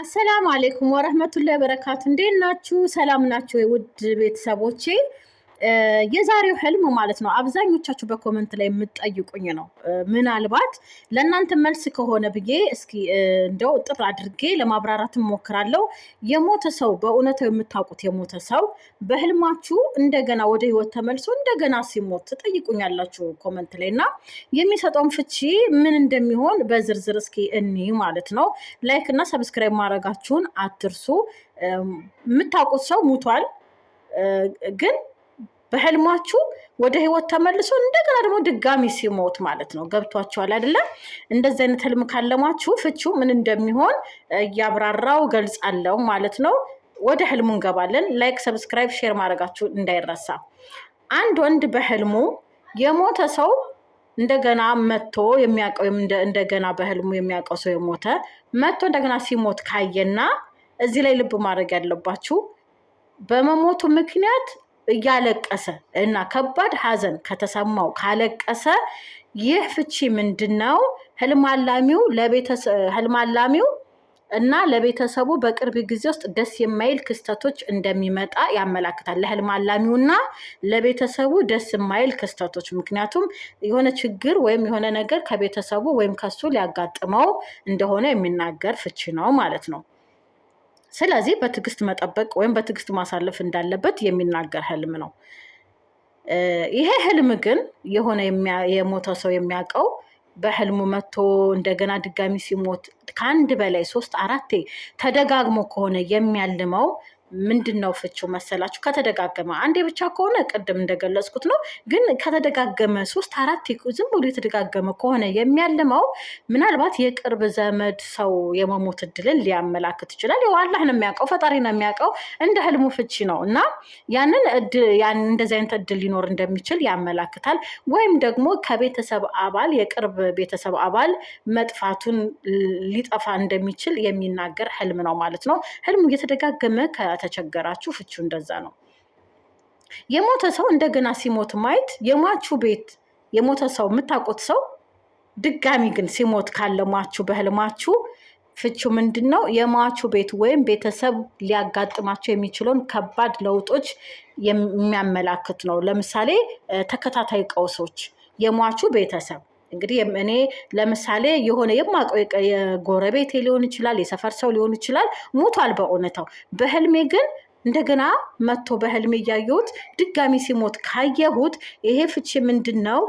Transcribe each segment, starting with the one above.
አሰላም አሌይኩም ወረህመቱላ በረካቱ እንዴት ናችሁ? ሰላም ናችሁ? የውድ ቤተሰቦቼ የዛሬው ህልም ማለት ነው። አብዛኞቻችሁ በኮመንት ላይ የምትጠይቁኝ ነው። ምናልባት ለእናንተ መልስ ከሆነ ብዬ እስኪ እንደው ጥር አድርጌ ለማብራራት እሞክራለሁ። የሞተ ሰው በእውነታው የምታውቁት የሞተ ሰው በህልማችሁ እንደገና ወደ ህይወት ተመልሶ እንደገና ሲሞት ትጠይቁኛላችሁ ኮመንት ላይ እና የሚሰጠውን ፍቺ ምን እንደሚሆን በዝርዝር እስኪ እኒ ማለት ነው። ላይክ እና ሰብስክራይብ ማድረጋችሁን አትርሱ። የምታውቁት ሰው ሙቷል ግን በህልማችሁ ወደ ህይወት ተመልሶ እንደገና ደግሞ ድጋሚ ሲሞት ማለት ነው። ገብቷችኋል አይደለም? እንደዚህ አይነት ህልም ካለማችሁ ፍቺው ምን እንደሚሆን እያብራራው ገልጻለው ማለት ነው። ወደ ህልሙ እንገባለን። ላይክ፣ ሰብስክራይብ፣ ሼር ማድረጋችሁ እንዳይረሳ። አንድ ወንድ በህልሙ የሞተ ሰው እንደገና መጥቶ የሚያውቀው እንደገና በህልሙ የሚያውቀው ሰው የሞተ መጥቶ እንደገና ሲሞት ካየና እዚህ ላይ ልብ ማድረግ ያለባችሁ በመሞቱ ምክንያት እያለቀሰ እና ከባድ ሀዘን ከተሰማው ካለቀሰ ይህ ፍቺ ምንድን ነው? ህልማላሚው እና ለቤተሰቡ በቅርብ ጊዜ ውስጥ ደስ የማይል ክስተቶች እንደሚመጣ ያመላክታል። አላሚው እና ለቤተሰቡ ደስ የማይል ክስተቶች፣ ምክንያቱም የሆነ ችግር ወይም የሆነ ነገር ከቤተሰቡ ወይም ከሱ ሊያጋጥመው እንደሆነ የሚናገር ፍቺ ነው ማለት ነው። ስለዚህ በትዕግስት መጠበቅ ወይም በትዕግስት ማሳለፍ እንዳለበት የሚናገር ህልም ነው። ይሄ ህልም ግን የሆነ የሞተ ሰው የሚያውቀው በህልሙ መጥቶ እንደገና ድጋሚ ሲሞት ከአንድ በላይ ሶስት አራቴ ተደጋግሞ ከሆነ የሚያልመው ምንድን ነው ፍቺው መሰላችሁ? ከተደጋገመ አንዴ ብቻ ከሆነ ቅድም እንደገለጽኩት ነው። ግን ከተደጋገመ ሶስት አራት ዝም ብሎ የተደጋገመ ከሆነ የሚያልመው ምናልባት የቅርብ ዘመድ ሰው የመሞት እድልን ሊያመላክት ይችላል። ያው አላህ ነው የሚያውቀው፣ ፈጣሪ ነው የሚያውቀው። እንደ ህልሙ ፍቺ ነው እና ያንን እንደዚህ አይነት እድል ሊኖር እንደሚችል ያመላክታል። ወይም ደግሞ ከቤተሰብ አባል የቅርብ ቤተሰብ አባል መጥፋቱን ሊጠፋ እንደሚችል የሚናገር ህልም ነው ማለት ነው። ህልሙ እየተደጋገመ ከተቸገራችሁ ፍቹ እንደዛ ነው። የሞተ ሰው እንደገና ሲሞት ማየት የሟቹ ቤት የሞተ ሰው የምታውቁት ሰው ድጋሚ ግን ሲሞት ካለሟችሁ በህልማችሁ ፍቹ ምንድን ነው? የሟቹ ቤት ወይም ቤተሰብ ሊያጋጥማቸው የሚችለውን ከባድ ለውጦች የሚያመላክት ነው። ለምሳሌ ተከታታይ ቀውሶች፣ የሟቹ ቤተሰብ እንግዲህ እኔ ለምሳሌ የሆነ የማውቀው የጎረቤቴ ሊሆን ይችላል፣ የሰፈር ሰው ሊሆን ይችላል፣ ሙቷል በእውነታው። በህልሜ ግን እንደገና መጥቶ በህልም እያየሁት ድጋሚ ሲሞት ካየሁት ይሄ ፍቺ ምንድን ነው?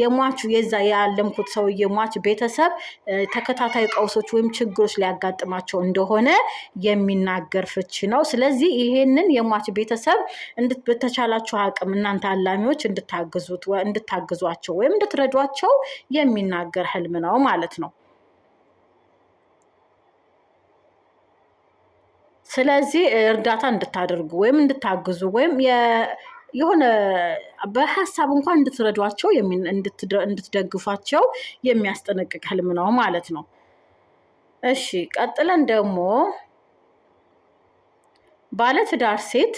የሟቹ የዛ ያለምኩት ሰውዬ ሟች ቤተሰብ ተከታታይ ቀውሶች ወይም ችግሮች ሊያጋጥማቸው እንደሆነ የሚናገር ፍቺ ነው። ስለዚህ ይሄንን የሟች ቤተሰብ በተቻላችሁ አቅም እናንተ አላሚዎች እንድታግዟቸው ወይም እንድትረዷቸው የሚናገር ህልም ነው ማለት ነው። ስለዚህ እርዳታ እንድታደርጉ ወይም እንድታግዙ ወይም የሆነ በሀሳብ እንኳን እንድትረዷቸው እንድትደግፏቸው የሚያስጠነቅቅ ህልም ነው ማለት ነው። እሺ ቀጥለን ደግሞ ባለትዳር ሴት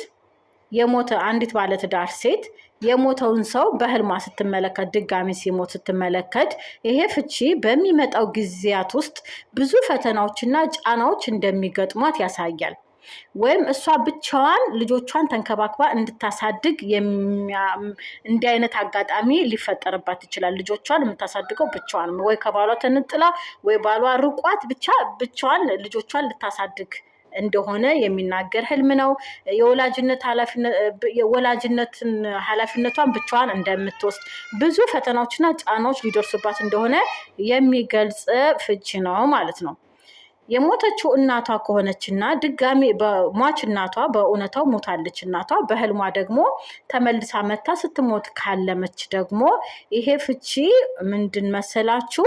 የሞተ አንዲት ባለትዳር ሴት የሞተውን ሰው በህልማ ስትመለከት ድጋሚ ሲሞት ስትመለከት ይሄ ፍቺ በሚመጣው ጊዜያት ውስጥ ብዙ ፈተናዎችና ጫናዎች እንደሚገጥሟት ያሳያል። ወይም እሷ ብቻዋን ልጆቿን ተንከባክባ እንድታሳድግ እንዲህ አይነት አጋጣሚ ሊፈጠርባት ይችላል። ልጆቿን የምታሳድገው ብቻዋን ወይ ከባሏ ተንጥላ ወይ ባሏ ርቋት ብቻ ብቻዋን ልጆቿን ልታሳድግ እንደሆነ የሚናገር ህልም ነው። የወላጅነት ወላጅነትን ኃላፊነቷን ብቻዋን እንደምትወስድ ብዙ ፈተናዎችና ጫናዎች ሊደርሱባት እንደሆነ የሚገልጽ ፍቺ ነው ማለት ነው። የሞተችው እናቷ ከሆነችና ድጋሜ ሟች እናቷ በእውነታው ሞታለች። እናቷ በህልሟ ደግሞ ተመልሳ መታ ስትሞት ካለመች ደግሞ ይሄ ፍቺ ምንድን መሰላችሁ?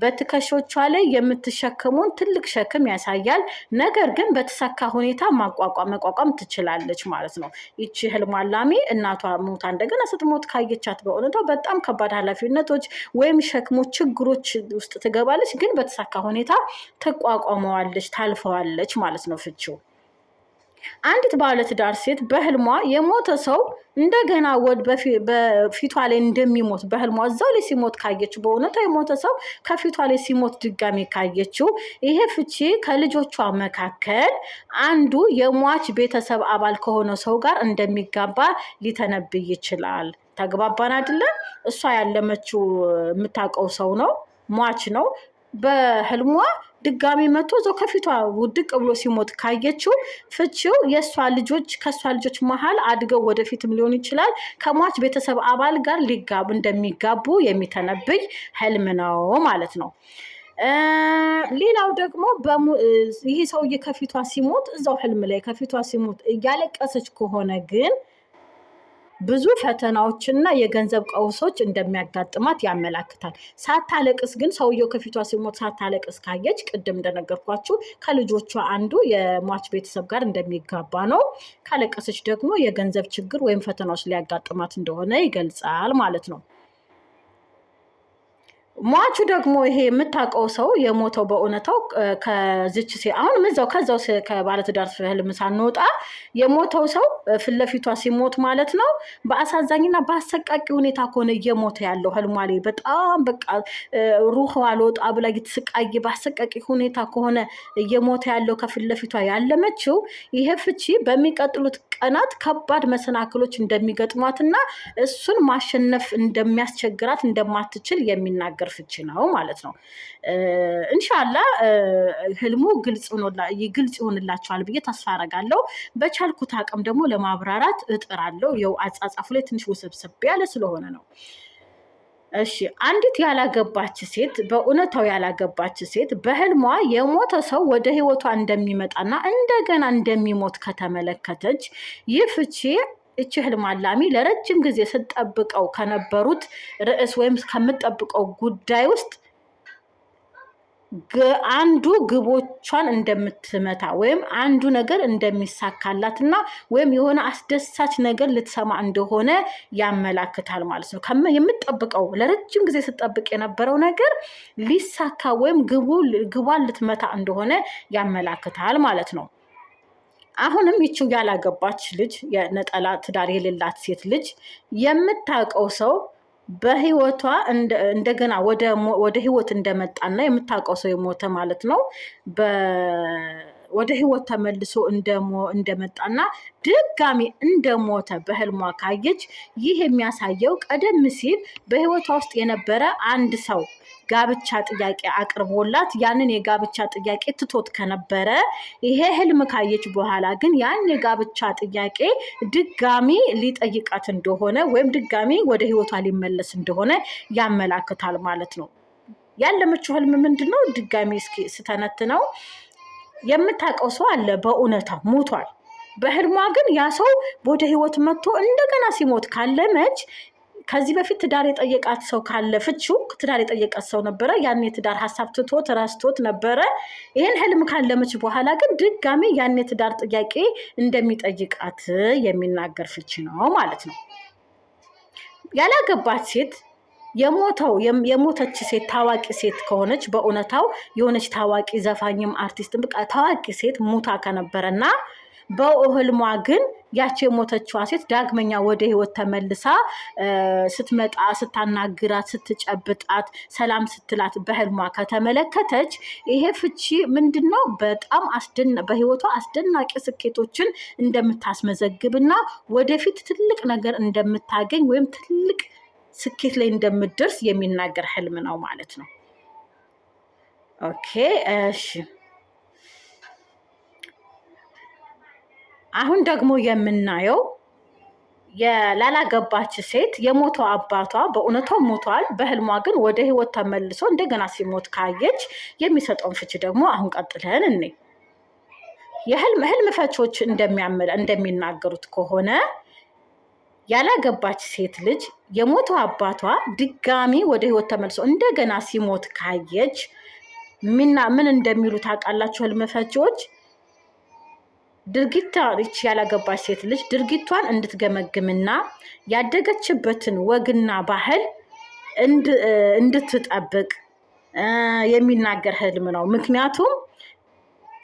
በትከሾቿ ላይ የምትሸክመውን ትልቅ ሸክም ያሳያል። ነገር ግን በተሳካ ሁኔታ ማቋቋም መቋቋም ትችላለች ማለት ነው። ይቺ ህልም አላሚ እናቷ ሞታ እንደገና ስትሞት ካየቻት በእውነታው በጣም ከባድ ኃላፊነቶች ወይም ሸክሞች፣ ችግሮች ውስጥ ትገባለች። ግን በተሳካ ሁኔታ ተቋቋመዋለች፣ ታልፈዋለች ማለት ነው ፍቺው። አንዲት ባለትዳር ሴት በህልሟ የሞተ ሰው እንደገና ወድ በፊቷ ላይ እንደሚሞት በህልሟ እዛው ላይ ሲሞት ካየችው በእውነታ የሞተ ሰው ከፊቷ ላይ ሲሞት ድጋሜ ካየችው ይሄ ፍቺ ከልጆቿ መካከል አንዱ የሟች ቤተሰብ አባል ከሆነ ሰው ጋር እንደሚጋባ ሊተነብይ ይችላል። ተግባባን አይደለም? እሷ ያለመችው የምታውቀው ሰው ነው፣ ሟች ነው። በህልሟ ድጋሚ መቶ እዛው ከፊቷ ውድቅ ብሎ ሲሞት ካየችው ፍቺው የእሷ ልጆች ከእሷ ልጆች መሀል አድገው ወደፊትም ሊሆን ይችላል ከሟች ቤተሰብ አባል ጋር ሊጋቡ እንደሚጋቡ የሚተነብይ ህልም ነው ማለት ነው። ሌላው ደግሞ ይህ ሰውዬ ከፊቷ ሲሞት እዛው ህልም ላይ ከፊቷ ሲሞት እያለቀሰች ከሆነ ግን ብዙ ፈተናዎችና የገንዘብ ቀውሶች እንደሚያጋጥማት ያመላክታል። ሳታለቅስ ግን ሰውየው ከፊቷ ሲሞት ሳታለቅስ ካየች ቅድም እንደነገርኳችሁ ከልጆቿ አንዱ የሟች ቤተሰብ ጋር እንደሚጋባ ነው። ካለቀሰች ደግሞ የገንዘብ ችግር ወይም ፈተናዎች ሊያጋጥማት እንደሆነ ይገልጻል ማለት ነው። ሟቹ ደግሞ ይሄ የምታውቀው ሰው የሞተው በእውነታው ከዚች ሴ አሁን ምዛው ከዛው ከባለትዳር ህልም ሳንወጣ የሞተው ሰው ፊትለፊቷ ሲሞት ማለት ነው። በአሳዛኝና በአሰቃቂ ሁኔታ ከሆነ እየሞተ ያለው ህልሟ ላይ በጣም በቃ ሩህ አልወጣ ብላ እየተሰቃየ በአሰቃቂ ሁኔታ ከሆነ እየሞተ ያለው ከፊት ያለመችው ይሄ ፍቺ በሚቀጥሉት ቀናት ከባድ መሰናክሎች እንደሚገጥሟትና እሱን ማሸነፍ እንደሚያስቸግራት እንደማትችል የሚናገር የፍቅር ፍቺ ነው ማለት ነው። እንሻላ ህልሙ ግልጽ ይሆንላቸዋል ብዬ ተስፋ አረጋለሁ። በቻልኩት አቅም ደግሞ ለማብራራት እጥራለሁ። የው አጻጻፉ ላይ ትንሽ ውስብስብ ያለ ስለሆነ ነው። እሺ አንዲት ያላገባች ሴት በእውነታው ያላገባች ሴት በህልሟ የሞተ ሰው ወደ ህይወቷ እንደሚመጣና እንደገና እንደሚሞት ከተመለከተች ይህ ፍቺ እቺ ህልም አላሚ ለረጅም ጊዜ ስጠብቀው ከነበሩት ርዕስ ወይም ከምጠብቀው ጉዳይ ውስጥ አንዱ ግቦቿን እንደምትመታ ወይም አንዱ ነገር እንደሚሳካላት እና ወይም የሆነ አስደሳች ነገር ልትሰማ እንደሆነ ያመላክታል ማለት ነው። የምትጠብቀው ለረጅም ጊዜ ስጠብቅ የነበረው ነገር ሊሳካ ወይም ግቧን ልትመታ እንደሆነ ያመላክታል ማለት ነው። አሁንም ይችው ያላገባች ልጅ የነጠላ ትዳር የሌላት ሴት ልጅ የምታውቀው ሰው በህይወቷ እንደገና ወደ ህይወት እንደመጣና የምታውቀው ሰው የሞተ ማለት ነው ወደ ህይወት ተመልሶ እንደመጣና ድጋሚ እንደሞተ በህልሟ ካየች፣ ይህ የሚያሳየው ቀደም ሲል በህይወቷ ውስጥ የነበረ አንድ ሰው ጋብቻ ጥያቄ አቅርቦላት ያንን የጋብቻ ጥያቄ ትቶት ከነበረ ይሄ ህልም ካየች በኋላ ግን ያን የጋብቻ ጥያቄ ድጋሚ ሊጠይቃት እንደሆነ ወይም ድጋሚ ወደ ህይወቷ ሊመለስ እንደሆነ ያመላክታል ማለት ነው። ያለመችው ህልም ምንድን ነው? ድጋሚ እስኪ ስተነትነው የምታውቀው ሰው አለ፣ በእውነታ ሞቷል። በህልሟ ግን ያ ሰው ወደ ህይወት መጥቶ እንደገና ሲሞት ካለመች ከዚህ በፊት ትዳር የጠየቃት ሰው ካለ ፍቺው ትዳር የጠየቃት ሰው ነበረ። ያኔ ትዳር ሀሳብ ትቶት ረስቶት ነበረ። ይህን ህልም ካለመች በኋላ ግን ድጋሜ ያኔ ትዳር ጥያቄ እንደሚጠይቃት የሚናገር ፍቺ ነው ማለት ነው። ያላገባት ሴት የሞተው የሞተች ሴት ታዋቂ ሴት ከሆነች በእውነታው የሆነች ታዋቂ ዘፋኝም አርቲስትም በቃ ታዋቂ ሴት ሙታ ከነበረ እና በህልሟ ግን ያቺ የሞተችዋ ሴት ዳግመኛ ወደ ህይወት ተመልሳ ስትመጣ ስታናግራት፣ ስትጨብጣት፣ ሰላም ስትላት በህልሟ ከተመለከተች ይሄ ፍቺ ምንድን ነው? በጣም በህይወቷ አስደናቂ ስኬቶችን እንደምታስመዘግብና ወደፊት ትልቅ ነገር እንደምታገኝ ወይም ትልቅ ስኬት ላይ እንደምትደርስ የሚናገር ህልም ነው ማለት ነው። ኦኬ እሺ። አሁን ደግሞ የምናየው ላላገባች ሴት የሞቶ አባቷ በእውነቷ ሞቷል። በህልሟ ግን ወደ ህይወት ተመልሶ እንደገና ሲሞት ካየች የሚሰጠውን ፍቺ ደግሞ አሁን ቀጥለን እኔ የህልም ህልም ፈቾች እንደሚናገሩት ከሆነ ያላገባች ሴት ልጅ የሞቶ አባቷ ድጋሚ ወደ ህይወት ተመልሶ እንደገና ሲሞት ካየች ምን እንደሚሉ ታውቃላችሁ ህልም ፈቺዎች? ድርጊቷን ይቺ ያላገባች ሴት ልጅ ድርጊቷን እንድትገመግምና ያደገችበትን ወግና ባህል እንድትጠብቅ የሚናገር ህልም ነው። ምክንያቱም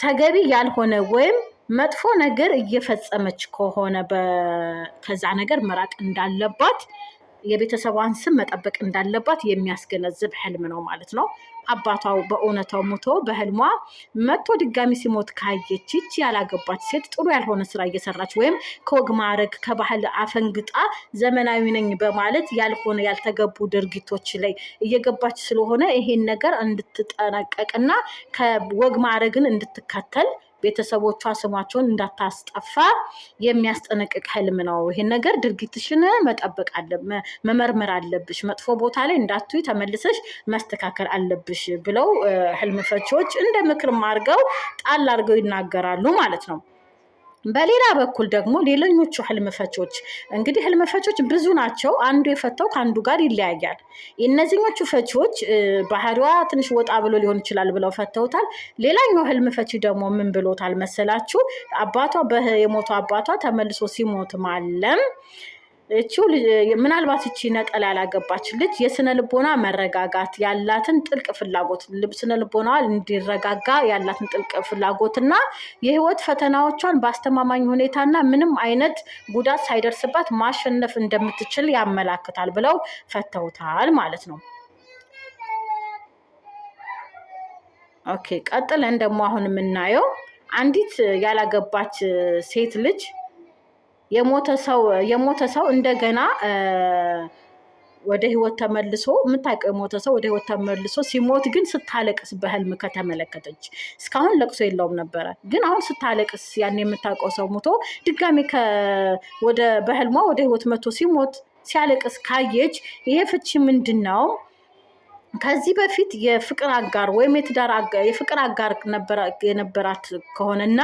ተገቢ ያልሆነ ወይም መጥፎ ነገር እየፈጸመች ከሆነ ከዛ ነገር መራቅ እንዳለባት የቤተሰቧን ስም መጠበቅ እንዳለባት የሚያስገነዝብ ህልም ነው ማለት ነው። አባቷ በእውነታው ሙቶ በህልሟ መጥቶ ድጋሚ ሲሞት ካየች ይቺ ያላገባች ሴት ጥሩ ያልሆነ ስራ እየሰራች ወይም ከወግ ማዕረግ ከባህል አፈንግጣ ዘመናዊ ነኝ በማለት ያልሆነ ያልተገቡ ድርጊቶች ላይ እየገባች ስለሆነ ይሄን ነገር እንድትጠነቀቅና ከወግ ማዕረግን እንድትከተል ቤተሰቦቿ ስማቸውን እንዳታስጠፋ የሚያስጠነቅቅ ህልም ነው። ይሄን ነገር ድርጊትሽን መጠበቅ መመርመር አለብሽ፣ መጥፎ ቦታ ላይ እንዳትይ ተመልሰሽ መስተካከል አለብሽ ብለው ህልም ፈቺዎች እንደ ምክርም አድርገው ጣል አድርገው ይናገራሉ ማለት ነው። በሌላ በኩል ደግሞ ሌሎኞቹ ህልም ፈቾች እንግዲህ ህልም ፈቾች ብዙ ናቸው። አንዱ የፈታው ከአንዱ ጋር ይለያያል። የእነዚኞቹ ፈቾች ባህሪዋ ትንሽ ወጣ ብሎ ሊሆን ይችላል ብለው ፈተውታል። ሌላኛው ህልም ፈቺ ደግሞ ምን ብሎታል መሰላችሁ? አባቷ የሞተው አባቷ ተመልሶ ሲሞት ማለም እቺው ምናልባት እቺ ነቀል ያላገባች ልጅ የስነ ልቦና መረጋጋት ያላትን ጥልቅ ፍላጎት ስነ ልቦናዋ እንዲረጋጋ ያላትን ጥልቅ ፍላጎት እና የህይወት ፈተናዎቿን በአስተማማኝ ሁኔታና ምንም አይነት ጉዳት ሳይደርስባት ማሸነፍ እንደምትችል ያመላክታል ብለው ፈተውታል ማለት ነው። ኦኬ ቀጥለን ደግሞ አሁን የምናየው አንዲት ያላገባች ሴት ልጅ የሞተ ሰው እንደገና ወደ ህይወት ተመልሶ የምታውቀው የሞተ ሰው ወደ ህይወት ተመልሶ ሲሞት ግን ስታለቅስ በህልም ከተመለከተች። እስካሁን ለቅሶ የለውም ነበረ፣ ግን አሁን ስታለቅስ ያን የምታውቀው ሰው ሞቶ ድጋሚ ወደ በህልሟ ወደ ህይወት መቶ ሲሞት ሲያለቅስ ካየች ይሄ ፍቺ ምንድን ነው? ከዚህ በፊት የፍቅር አጋር ወይም የትዳር የፍቅር አጋር የነበራት ከሆነ እና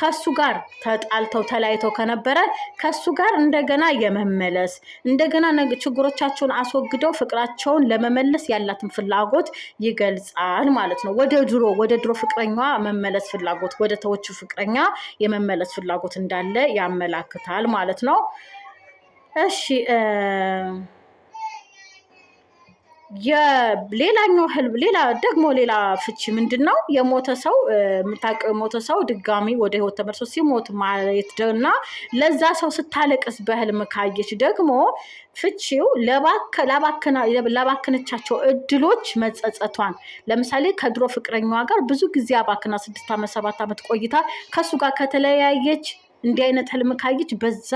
ከሱ ጋር ተጣልተው ተለያይተው ከነበረ ከሱ ጋር እንደገና የመመለስ እንደገና ችግሮቻቸውን አስወግደው ፍቅራቸውን ለመመለስ ያላትን ፍላጎት ይገልጻል ማለት ነው። ወደ ድሮ ወደ ድሮ ፍቅረኛ መመለስ ፍላጎት ወደ ተወቹ ፍቅረኛ የመመለስ ፍላጎት እንዳለ ያመላክታል ማለት ነው። እሺ የሌላኛው ህልም ሌላ ደግሞ ሌላ ፍቺ ምንድን ነው? የሞተ ሰው የምታውቅ የሞተ ሰው ድጋሚ ወደ ህይወት ተመልሶ ሲሞት ማየት እና ለዛ ሰው ስታለቅስ በህልም ካየች ደግሞ ፍቺው ላባክነቻቸው እድሎች መጸጸቷን። ለምሳሌ ከድሮ ፍቅረኛዋ ጋር ብዙ ጊዜ አባክና ስድስት ዓመት ሰባት ዓመት ቆይታ ከእሱ ጋር ከተለያየች እንዲህ አይነት ህልም ካየች በዛ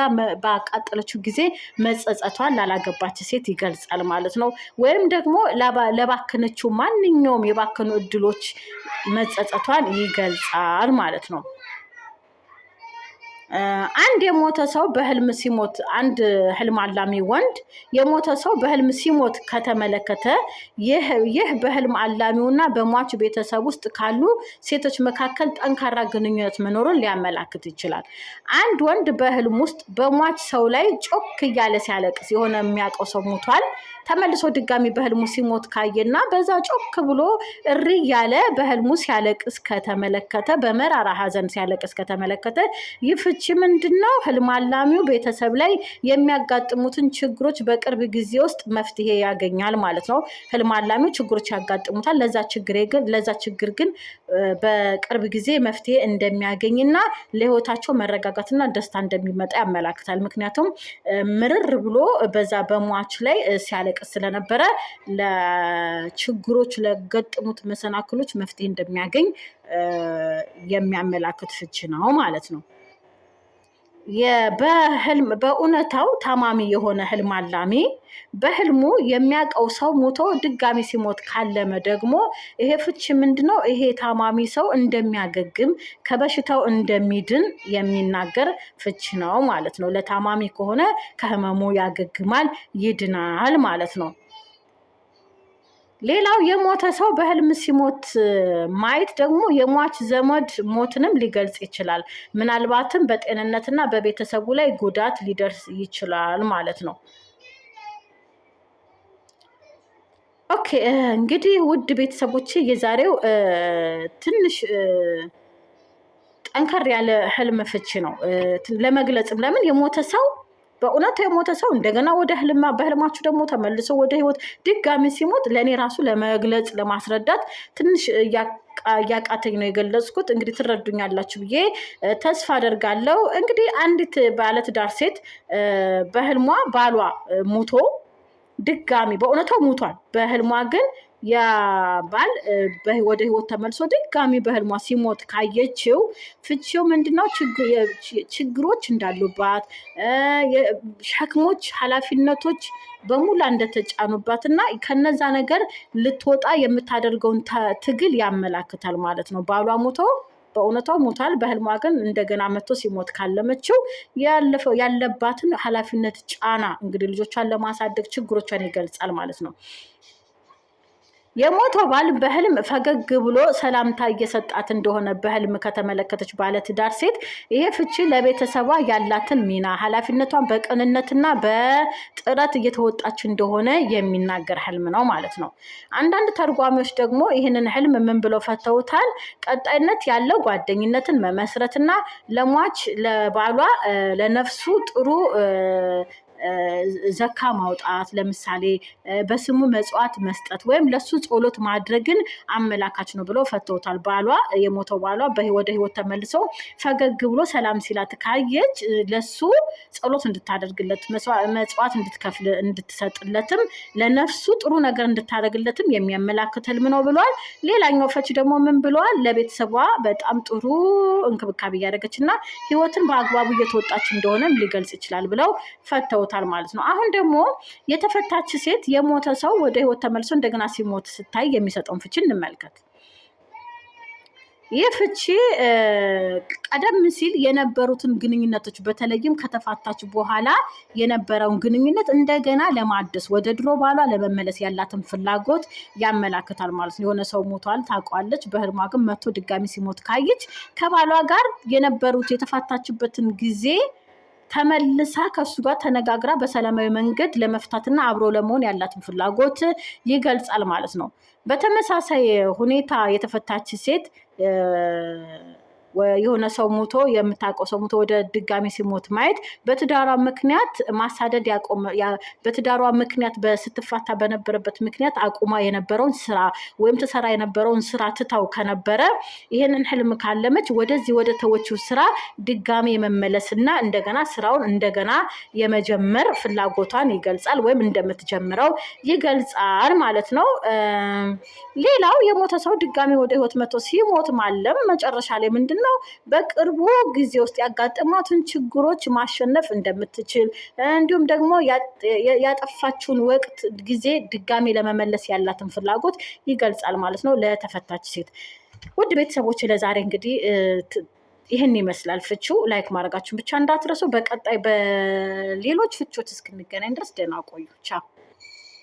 ባቃጠለችው ጊዜ መጸጸቷን ላላገባች ሴት ይገልጻል ማለት ነው። ወይም ደግሞ ለባከነችው ማንኛውም የባከኑ እድሎች መጸጸቷን ይገልጻል ማለት ነው። አንድ የሞተ ሰው በህልም ሲሞት አንድ ህልም አላሚ ወንድ የሞተ ሰው በህልም ሲሞት ከተመለከተ ይህ በህልም አላሚውና በሟች ቤተሰብ ውስጥ ካሉ ሴቶች መካከል ጠንካራ ግንኙነት መኖሩን ሊያመላክት ይችላል። አንድ ወንድ በህልም ውስጥ በሟች ሰው ላይ ጮክ እያለ ሲያለቅስ የሆነ የሚያውቀው ሰው ሞቷል ተመልሶ ድጋሚ በህልሙ ሲሞት ካየና በዛ ጮክ ብሎ እሪ ያለ በህልሙ ሲያለቅስ ከተመለከተ በመራራ ሀዘን ሲያለቅስ ከተመለከተ ይህ ፍቺ ምንድን ነው? ህልም አላሚው ቤተሰብ ላይ የሚያጋጥሙትን ችግሮች በቅርብ ጊዜ ውስጥ መፍትሄ ያገኛል ማለት ነው። ህልም አላሚው ችግሮች ያጋጥሙታል። ለዛ ችግር ግን በቅርብ ጊዜ መፍትሄ እንደሚያገኝና ለህይወታቸው መረጋጋትና ደስታ እንደሚመጣ ያመላክታል። ምክንያቱም ምርር ብሎ በዛ በሟች ላይ ሲያለ ሲያለቅስ ስለነበረ ለችግሮች ለገጠሙት መሰናክሎች መፍትሄ እንደሚያገኝ የሚያመላክት ፍቺ ነው ማለት ነው። በህልም በእውነታው ታማሚ የሆነ ህልም አላሚ በህልሙ የሚያውቀው ሰው ሞቶ ድጋሚ ሲሞት ካለመ ደግሞ ይሄ ፍቺ ምንድነው? ይሄ ታማሚ ሰው እንደሚያገግም ከበሽታው እንደሚድን የሚናገር ፍቺ ነው ማለት ነው። ለታማሚ ከሆነ ከህመሙ ያገግማል፣ ይድናል ማለት ነው። ሌላው የሞተ ሰው በህልም ሲሞት ማየት ደግሞ የሟች ዘመድ ሞትንም ሊገልጽ ይችላል። ምናልባትም በጤንነትና በቤተሰቡ ላይ ጉዳት ሊደርስ ይችላል ማለት ነው። ኦኬ እንግዲህ ውድ ቤተሰቦች የዛሬው ትንሽ ጠንከር ያለ ህልም ፍቺ ነው ለመግለጽም ለምን የሞተ ሰው በእውነት የሞተ ሰው እንደገና ወደ ህልማ በህልማችሁ ደግሞ ተመልሶ ወደ ህይወት ድጋሚ ሲሞት ለእኔ ራሱ ለመግለጽ ለማስረዳት ትንሽ እያቃተኝ ነው የገለጽኩት። እንግዲህ ትረዱኛላችሁ ብዬ ተስፋ አደርጋለሁ። እንግዲህ አንዲት ባለትዳር ሴት በህልሟ ባሏ ሙቶ ድጋሚ በእውነታው ሙቷል። በህልሟ ግን ያ ባል ወደ ህይወት ተመልሶ ድጋሚ በህልሟ ሲሞት ካየችው ፍቺው ምንድነው? ችግሮች እንዳሉባት ሸክሞች፣ ኃላፊነቶች በሙላ እንደተጫኑባት እና ከነዛ ነገር ልትወጣ የምታደርገውን ትግል ያመላክታል ማለት ነው። ባሏ ሞቶ በእውነታው ሞታል። በህልሟ ግን እንደገና መጥቶ ሲሞት ካለመችው ያለባትን ኃላፊነት ጫና እንግዲህ ልጆቿን ለማሳደግ ችግሮቿን ይገልጻል ማለት ነው። የሞተው ባል በህልም ፈገግ ብሎ ሰላምታ እየሰጣት እንደሆነ በህልም ከተመለከተች ባለትዳር ሴት ይሄ ፍቺ ለቤተሰቧ ያላትን ሚና ኃላፊነቷን በቅንነትና በጥረት እየተወጣች እንደሆነ የሚናገር ህልም ነው ማለት ነው። አንዳንድ ተርጓሚዎች ደግሞ ይህንን ህልም ምን ብለው ፈተውታል? ቀጣይነት ያለው ጓደኝነትን መመስረትና ለሟች ለባሏ ለነፍሱ ጥሩ ዘካ ማውጣት ለምሳሌ በስሙ መጽዋት መስጠት ወይም ለሱ ጸሎት ማድረግን አመላካች ነው ብሎ ፈተውታል። ባሏ የሞተው ባሏ ወደ ህይወት ተመልሶ ፈገግ ብሎ ሰላም ሲላት ካየች ለሱ ጸሎት እንድታደርግለት መጽዋት እንድትከፍል እንድትሰጥለትም ለነፍሱ ጥሩ ነገር እንድታደርግለትም የሚያመላክት ህልም ነው ብሏል። ሌላኛው ፈች ደግሞ ምን ብለዋል? ለቤተሰቧ በጣም ጥሩ እንክብካቤ እያደረገች እና ህይወትን በአግባቡ እየተወጣች እንደሆነም ሊገልጽ ይችላል ብለው ፈተውታል። አድርጎታል ማለት ነው። አሁን ደግሞ የተፈታች ሴት የሞተ ሰው ወደ ህይወት ተመልሶ እንደገና ሲሞት ስታይ የሚሰጠውን ፍቺ እንመልከት። ይህ ፍቺ ቀደም ሲል የነበሩትን ግንኙነቶች በተለይም ከተፋታች በኋላ የነበረውን ግንኙነት እንደገና ለማደስ ወደ ድሮ ባሏ ለመመለስ ያላትን ፍላጎት ያመላክታል ማለት ነው። የሆነ ሰው ሞቷል ታውቋለች። በህልሟ ግን መቶ ድጋሚ ሲሞት ካየች ከባሏ ጋር የነበሩት የተፋታችበትን ጊዜ ተመልሳ ከሱ ጋር ተነጋግራ በሰላማዊ መንገድ ለመፍታትና አብሮ ለመሆን ያላትን ፍላጎት ይገልጻል ማለት ነው። በተመሳሳይ ሁኔታ የተፈታች ሴት የሆነ ሰው ሞቶ የምታውቀው ሰው ሞቶ ወደ ድጋሚ ሲሞት ማየት በትዳሯ ምክንያት ማሳደድ በትዳሯ ምክንያት ስትፋታ በነበረበት ምክንያት አቁማ የነበረውን ስራ ወይም ትሰራ የነበረውን ስራ ትታው ከነበረ ይህንን ህልም ካለመች ወደዚህ ወደ ተወችው ስራ ድጋሚ የመመለስ እና እንደገና ስራውን እንደገና የመጀመር ፍላጎቷን ይገልጻል ወይም እንደምትጀምረው ይገልጻል ማለት ነው። ሌላው የሞተ ሰው ድጋሚ ወደ ህይወት መቶ ሲሞት ማለም መጨረሻ ላይ ምንድን ነው በቅርቡ ጊዜ ውስጥ ያጋጠሟትን ችግሮች ማሸነፍ እንደምትችል እንዲሁም ደግሞ ያጠፋችውን ወቅት ጊዜ ድጋሜ ለመመለስ ያላትን ፍላጎት ይገልጻል ማለት ነው ለተፈታች ሴት። ውድ ቤተሰቦች ለዛሬ እንግዲህ ይህን ይመስላል ፍቹ። ላይክ ማድረጋችሁን ብቻ እንዳትረሱ። በቀጣይ በሌሎች ፍቾች እስክንገናኝ ድረስ ደህና ቆዩ። ቻው